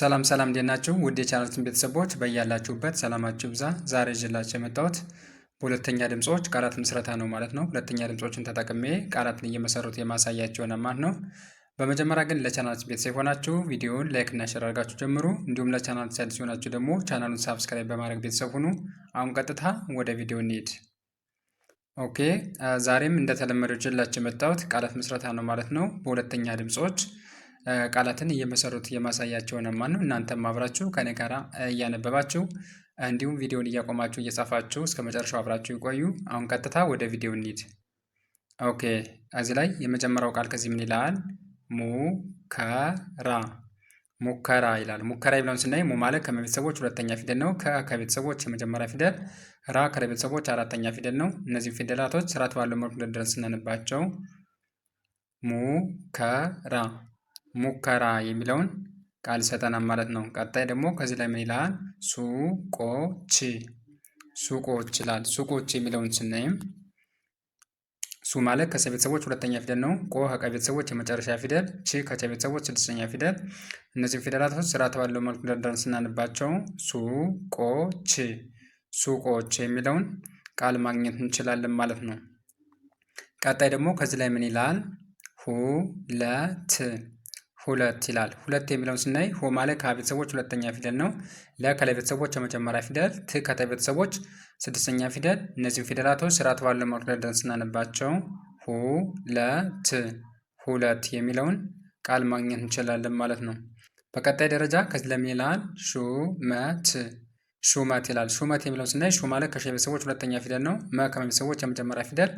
ሰላም ሰላም እንዴት ናችሁ? ውድ የቻናላችን ቤተሰቦች በያላችሁበት ሰላማችሁ ብዛ። ዛሬ ይዤላችሁ የመጣሁት በሁለተኛ ድምጾች ቃላት ምስረታ ነው ማለት ነው። ሁለተኛ ድምጾችን ተጠቅሜ ቃላትን እየመሰሩት የማሳያቸው ማለት ነው። በመጀመሪያ ግን ለቻናላችን ቤተሰብ የሆናችሁ ቪዲዮውን ላይክ እና ሼር አድርጋችሁ ጀምሩ። እንዲሁም ለቻናል ሳይድ ሲሆናችሁ ደግሞ ቻናሉን ሳብስክራይብ በማድረግ ቤተሰብ ሁኑ። አሁን ቀጥታ ወደ ቪዲዮ እንሂድ። ኦኬ ዛሬም እንደተለመደው ይዤላችሁ የመጣሁት ቃላት ምስረታ ነው ማለት ነው። በሁለተኛ ድምጾች ቃላትን እየመሰሩት የማሳያቸው ነው ማለት ነው። እናንተም አብራችሁ ከኔ ጋራ እያነበባችሁ እንዲሁም ቪዲዮውን እያቆማችሁ እየጻፋችሁ እስከ መጨረሻው አብራችሁ ይቆዩ። አሁን ቀጥታ ወደ ቪዲዮ እንሂድ። ኦኬ እዚህ ላይ የመጀመሪያው ቃል ከዚህ ምን ይላል? ሙከራ ሙከራ ይላል። ሙከራ ብለን ስናይ ሙ ማለት ከመቤተሰቦች ሁለተኛ ፊደል ነው። ከ ከቤተሰቦች የመጀመሪያ ፊደል፣ ራ ከቤተሰቦች አራተኛ ፊደል ነው። እነዚህ ፊደላቶች ስርዓት ባለው መልኩ ደርድረን ስናነባቸው ሙከራ ሙከራ የሚለውን ቃል ይሰጠናል ማለት ነው። ቀጣይ ደግሞ ከዚህ ላይ ምን ይላል? ሱቆች ሱቆች ይላል። ሱቆች የሚለውን ስናይም ሱ ማለት ከሰ ቤተሰቦች ሁለተኛ ፊደል ነው። ቆ ከቀ ቤተሰቦች የመጨረሻ ፊደል፣ ቺ ከቸ ቤተሰቦች ስድስተኛ ፊደል። እነዚህም ፊደላቶች ስራ ተባለው መልኩ ደርደር ስናንባቸው ሱቆች ሱቆች የሚለውን ቃል ማግኘት እንችላለን ማለት ነው። ቀጣይ ደግሞ ከዚህ ላይ ምን ይላል? ሁለት ሁለት ይላል። ሁለት የሚለውን ስናይ ሆ ማለት ከሀ ቤተሰቦች ሁለተኛ ፊደል ነው። ለከላይ ቤተሰቦች የመጀመሪያ ፊደል፣ ት ከተ ቤተሰቦች ስድስተኛ ፊደል። እነዚህም ፊደላቶች ስርዓት ባለው መልኩ ደርድረን ስናነባቸው ለት ሁለት የሚለውን ቃል ማግኘት እንችላለን ማለት ነው። በቀጣይ ደረጃ ከዚህ ለሚላል ሹመት ሹመት ይላል። ሹመት የሚለውን ስናይ ሹ ማለት ከሸ ቤተሰቦች ሁለተኛ ፊደል ነው። መ ከመ ቤተሰቦች የመጀመሪያ ፊደል፣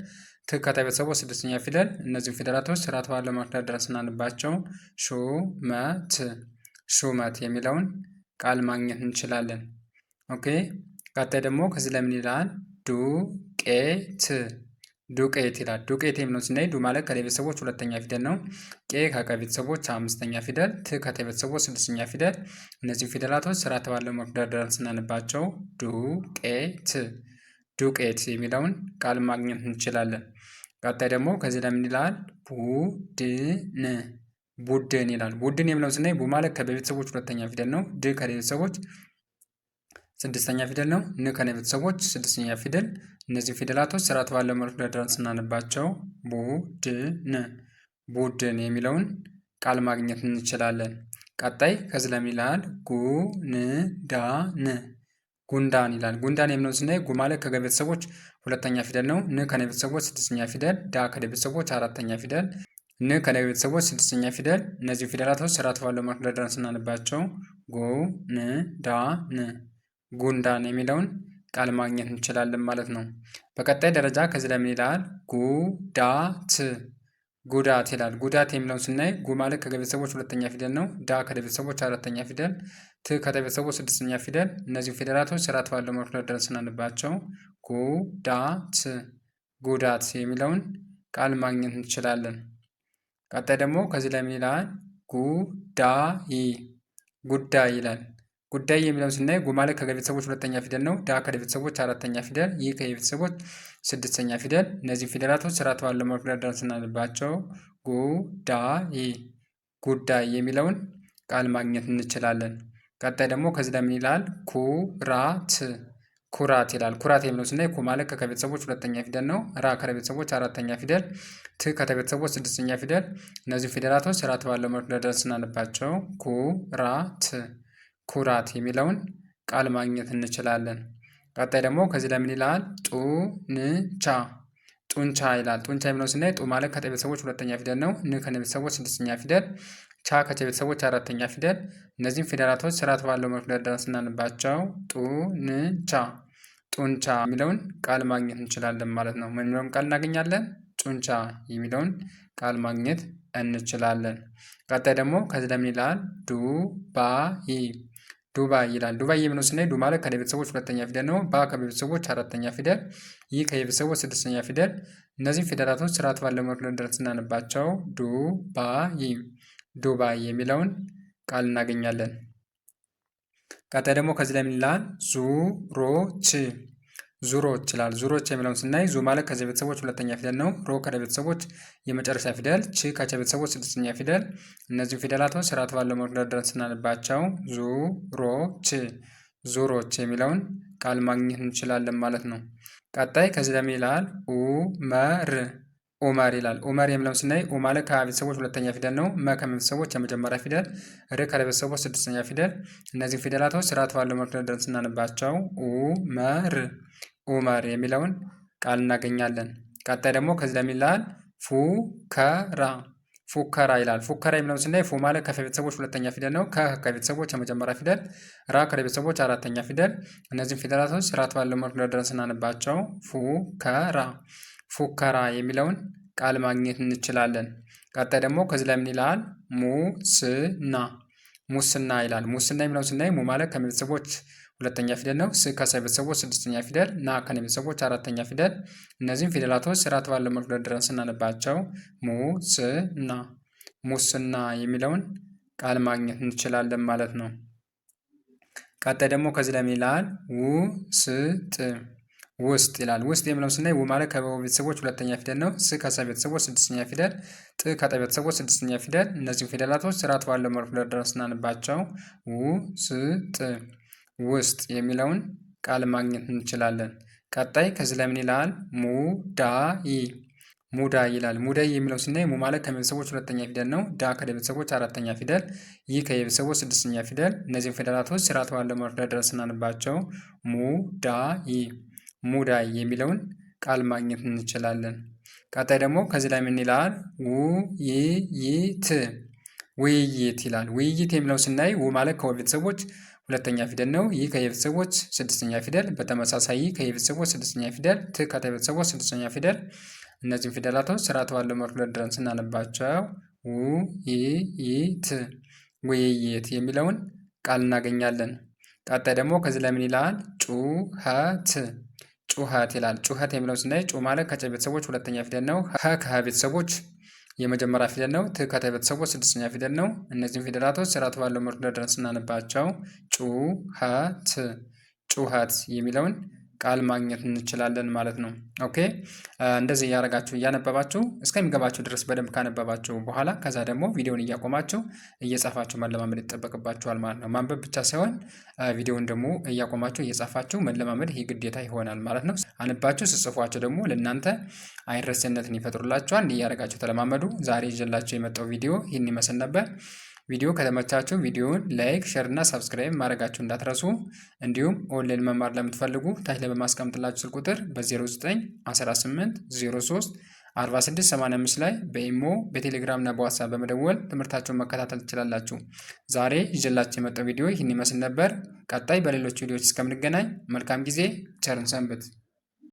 ት ከተ ቤተሰቦች ስድስተኛ ፊደል። እነዚህም ፊደላቶች ስርዓት ባለው መክደር እናንባቸው ሹመት ሹመት የሚለውን ቃል ማግኘት እንችላለን። ኦኬ ቀጣይ ደግሞ ከዚህ ለምን ይላል ዱቄት ዱቄት ይላል። ዱቄት የሚለውን ስናይ ዱ ማለት ከደ ቤተሰቦች ሁለተኛ ፊደል ነው። ቄ ከቀ ቤተሰቦች አምስተኛ ፊደል፣ ት ከተ ቤተሰቦች ስድስተኛ ፊደል። እነዚህ ፊደላቶች ስርዓት ባለው መደርደር ስናነባቸው ዱቄት ዱቄት የሚለውን ቃል ማግኘት እንችላለን። ቀጣይ ደግሞ ከዚህ ለምን ይላል? ቡድን ቡድን ይላል። ቡድን የሚለውን ስናይ ቡ ማለት ከበ ቤተሰቦች ሁለተኛ ፊደል ነው። ድ ከደ ቤተሰቦች ስድስተኛ ፊደል ነው። ን ከነ ቤተሰቦች ስድስተኛ ፊደል። እነዚህ ፊደላቶች ስርዓት ባለው መልኩ ደርድረን ስናነባቸው ቡድን ቡድን የሚለውን ቃል ማግኘት እንችላለን። ቀጣይ ከዚህ ለም ይላል ጉንዳን ጉንዳን ይላል። ጉንዳን የሚለውን ስናይ ጉ ማለት ከገ ቤተሰቦች ሁለተኛ ፊደል ነው። ን ከነ ቤተሰቦች ስድስተኛ ፊደል። ዳ ከደ ቤተሰቦች አራተኛ ፊደል። ን ከነ ቤተሰቦች ስድስተኛ ፊደል። እነዚህ ፊደላቶች ስርዓት ባለው መልኩ ደርድረን ስናነባቸው ጉንዳን ጉንዳን የሚለውን ቃል ማግኘት እንችላለን ማለት ነው። በቀጣይ ደረጃ ከዚህ ላይ ምን ይላል? ጉዳት ጉዳት ይላል። ጉዳት የሚለውን ስናይ ጉ ማለት ከገቤተሰቦች ሁለተኛ ፊደል ነው። ዳ ከደቤተሰቦች አራተኛ ፊደል፣ ት ከቤተሰቦች ስድስተኛ ፊደል። እነዚህ ፊደላቶች ስርዓት ባለው መልኩ ደርድረን ስናነባቸው ጉዳት ጉዳት የሚለውን ቃል ማግኘት እንችላለን። ቀጣይ ደግሞ ከዚህ ላይ ምን ይላል? ጉዳይ ጉዳይ ይላል። ጉዳይ የሚለውን ስናይ ጎ ማለት ከገ ቤተሰቦች ሁለተኛ ፊደል ነው። ዳ ከደ ቤተሰቦች አራተኛ ፊደል፣ ይህ ከየ ቤተሰቦች ስድስተኛ ፊደል። እነዚህ ፊደላቶች ስርዓት ባለው መልኩ ደርድረን ስናነባቸው ዳ ጉዳይ የሚለውን ቃል ማግኘት እንችላለን። ቀጣይ ደግሞ ከዚህ ለምን ይላል? ኩራት ኩራት ይላል። ኩራት የሚለው ስናይ ኩ ማለት ከከ ቤተሰቦች ሁለተኛ ፊደል ነው። ራ ከረ ቤተሰቦች አራተኛ ፊደል፣ ት ከተ ቤተሰቦች ስድስተኛ ፊደል። እነዚህ ፊደላቶች ስርዓት ባለው መልኩ ደርድረን ስናነባቸው ኩራት ኩራት የሚለውን ቃል ማግኘት እንችላለን። ቀጣይ ደግሞ ከዚህ ለምን ይላል? ጡንቻ ጡንቻ ይላል። ጡንቻ የሚለው ስናይ ጡ ማለት ከጠ ቤተሰቦች ሁለተኛ ፊደል ነው። ን ከነ ቤተሰቦች ስድስተኛ ፊደል፣ ቻ ከቸ ቤተሰቦች አራተኛ ፊደል። እነዚህም ፊደላቶች ስርዓት ባለው መልኩ ደርድረን ስናንባቸው ጡንቻ ጡንቻ የሚለውን ቃል ማግኘት እንችላለን ማለት ነው። ምን የሚለውን ቃል እናገኛለን? ጡንቻ የሚለውን ቃል ማግኘት እንችላለን። ቀጣይ ደግሞ ከዚህ ለምን ይላል? ዱባይ ዱባ ይላል። ዱባ የሚለው ስናይ ዱ ማለት ከቤተሰቦች ሁለተኛ ፊደል ነው። ባ ከቤተሰቦች አራተኛ ፊደል፣ ይህ ከቤተሰቦች ስድስተኛ ፊደል። እነዚህም ፊደላቶች ስርዓት ባለው መልኩ ደርድረን ስናነባቸው ይ ዱባ የሚለውን ቃል እናገኛለን። ቀጣይ ደግሞ ከዚህ ላይ ምን ይላል? ዙሮች ዙሮዎች ይላል። ዙሮች የሚለውን ስናይ ዙ ማለት ከዚህ ቤተሰቦች ሁለተኛ ፊደል ነው። ሮ ከደ ቤተሰቦች የመጨረሻ ፊደል፣ ች ከቸ ቤተሰቦች ስድስተኛ ፊደል። እነዚሁ ፊደላቶች ስርዓት ባለው መልኩ ደርድረን ስናነባቸው ዙ ሮ ች ዙሮች የሚለውን ቃል ማግኘት እንችላለን ማለት ነው። ቀጣይ ከዚህ ደግሞ ይላል ኡመር ኡመር ይላል። ኡመር የሚለውን ስናይ ኡ ማለት ከቤተሰቦች ሁለተኛ ፊደል ነው። መ ከቤተሰቦች የመጀመሪያ ፊደል፣ ር ከቤተሰቦች ስድስተኛ ፊደል። እነዚህ ፊደላቶች ስርዓት ባለው መልኩ ደርድረን ስናነባቸው ኡመር ኡመር የሚለውን ቃል እናገኛለን። ቀጣይ ደግሞ ከዚህ ላይ ይላል ፉከራ ፉከራ ይላል። ፉከራ የሚለውን ስናይ ፉ ማለት ከፈ ቤተሰቦች ሁለተኛ ፊደል ነው። ከ ከቤተሰቦች የመጀመሪያ ፊደል፣ ራ ከቤተሰቦች አራተኛ ፊደል። እነዚህም ፊደላቶች ስርዓት ባለው መልኩ ደርድረን ስናነባቸው ፉከራ ፉከራ የሚለውን ቃል ማግኘት እንችላለን። ቀጣይ ደግሞ ከዚህ ለምን ምን ይላል? ሙስና ሙስና ይላል። ሙስና የሚለውን ስናይ ሙ ማለት ከቤተሰቦች ሁለተኛ ፊደል ነው። ስ ከሳይ ቤተሰቦች ስድስተኛ ፊደል፣ ና ከነ ቤተሰቦች አራተኛ ፊደል። እነዚህም ፊደላቶች ስርዓት ባለው መልኩ ደርድረን ስናነባቸው ሙ ስ ና ሙስና የሚለውን ቃል ማግኘት እንችላለን ማለት ነው። ቀጣይ ደግሞ ከዚህ ላይ ይላል ውስጥ ውስጥ ይላል። ውስጥ የሚለውን ስናይ ው ማለት ከበ ቤተሰቦች ሁለተኛ ፊደል ነው። ስ ከሰ ቤተሰቦች ስድስተኛ ፊደል፣ ጥ ከጠ ቤተሰቦች ስድስተኛ ፊደል። እነዚህም ፊደላቶች ስርዓት ባለው መልኩ ደርድረን ስናነባቸው ውስጥ ውስጥ የሚለውን ቃል ማግኘት እንችላለን። ቀጣይ ከዚህ ለምን ይላል? ሙዳይ ሙዳይ ይላል። ሙዳይ የሚለው ስናይ ሙ ማለት ከቤተሰቦች ሁለተኛ ፊደል ነው። ዳ ከቤተሰቦች አራተኛ ፊደል፣ ይህ ከቤተሰቦች ስድስተኛ ፊደል። እነዚህም ፊደላቶች ስርዓት ባለው መረዳ ድረስ እናንባቸው። ሙዳይ ሙዳይ የሚለውን ቃል ማግኘት እንችላለን። ቀጣይ ደግሞ ከዚህ ላይ ምን ይላል? ውይይት ውይይት ይላል። ውይይት የሚለው ስናይ ው ማለት ከወ ቤተሰቦች ሁለተኛ ፊደል ነው። ይህ ከየቤተሰቦች ስድስተኛ ፊደል፣ በተመሳሳይ ከየቤተሰቦች ስድስተኛ ፊደል፣ ት ከተቤተሰቦች ስድስተኛ ፊደል። እነዚህም ፊደላቶች ስርዓት ባለው መልኩ ደርድረን ስናነባቸው ው ይ ት ውይይት የሚለውን ቃል እናገኛለን። ቀጣይ ደግሞ ከዚህ ለምን ይላል? ጩኸት ጩኸት ይላል። ጩኸት የሚለውን ስናይ ጩ ማለት ከጨ ቤተሰቦች ሁለተኛ ፊደል ነው። ሀ ከሀ ቤተሰቦች የመጀመሪያ ፊደል ነው። ት ከተቤተሰቦች ስድስተኛ ፊደል ነው። እነዚህም ፊደላቶች ስርዓት ባለው መልኩ ደርድረን ስናነባቸው ጩ ሀ ት ጩኸት የሚለውን ቃል ማግኘት እንችላለን ማለት ነው። ኦኬ እንደዚህ እያደረጋችሁ እያነበባችሁ እስከሚገባችሁ ድረስ በደንብ ካነበባችሁ በኋላ ከዛ ደግሞ ቪዲዮውን እያቆማችሁ እየጻፋችሁ መለማመድ ይጠበቅባችኋል ማለት ነው። ማንበብ ብቻ ሳይሆን ቪዲዮውን ደግሞ እያቆማችሁ እየጻፋችሁ መለማመድ ይህ ግዴታ ይሆናል ማለት ነው። አንባችሁ ስጽፏቸው ደግሞ ለእናንተ አይረሴነትን ይፈጥሩላችኋል። እያደረጋችሁ ተለማመዱ። ዛሬ ይዤላችሁ የመጣው ቪዲዮ ይህን ይመስል ነበር። ቪዲዮ ከተመቻችሁ ቪዲዮውን ላይክ፣ ሼር እና ሰብስክራይብ ማድረጋችሁ እንዳትረሱ። እንዲሁም ኦንላይን መማር ለምትፈልጉ ታች ላይ በማስቀምጥላችሁ ስልክ ቁጥር በ0918 03 4685 ላይ በኢሞ በቴሌግራም እና በዋትሳፕ በመደወል ትምህርታችሁን መከታተል ትችላላችሁ። ዛሬ ይዤላችሁ የመጣው ቪዲዮ ይህን ይመስል ነበር። ቀጣይ በሌሎች ቪዲዮዎች እስከምንገናኝ መልካም ጊዜ፣ ቸርን ሰንብት።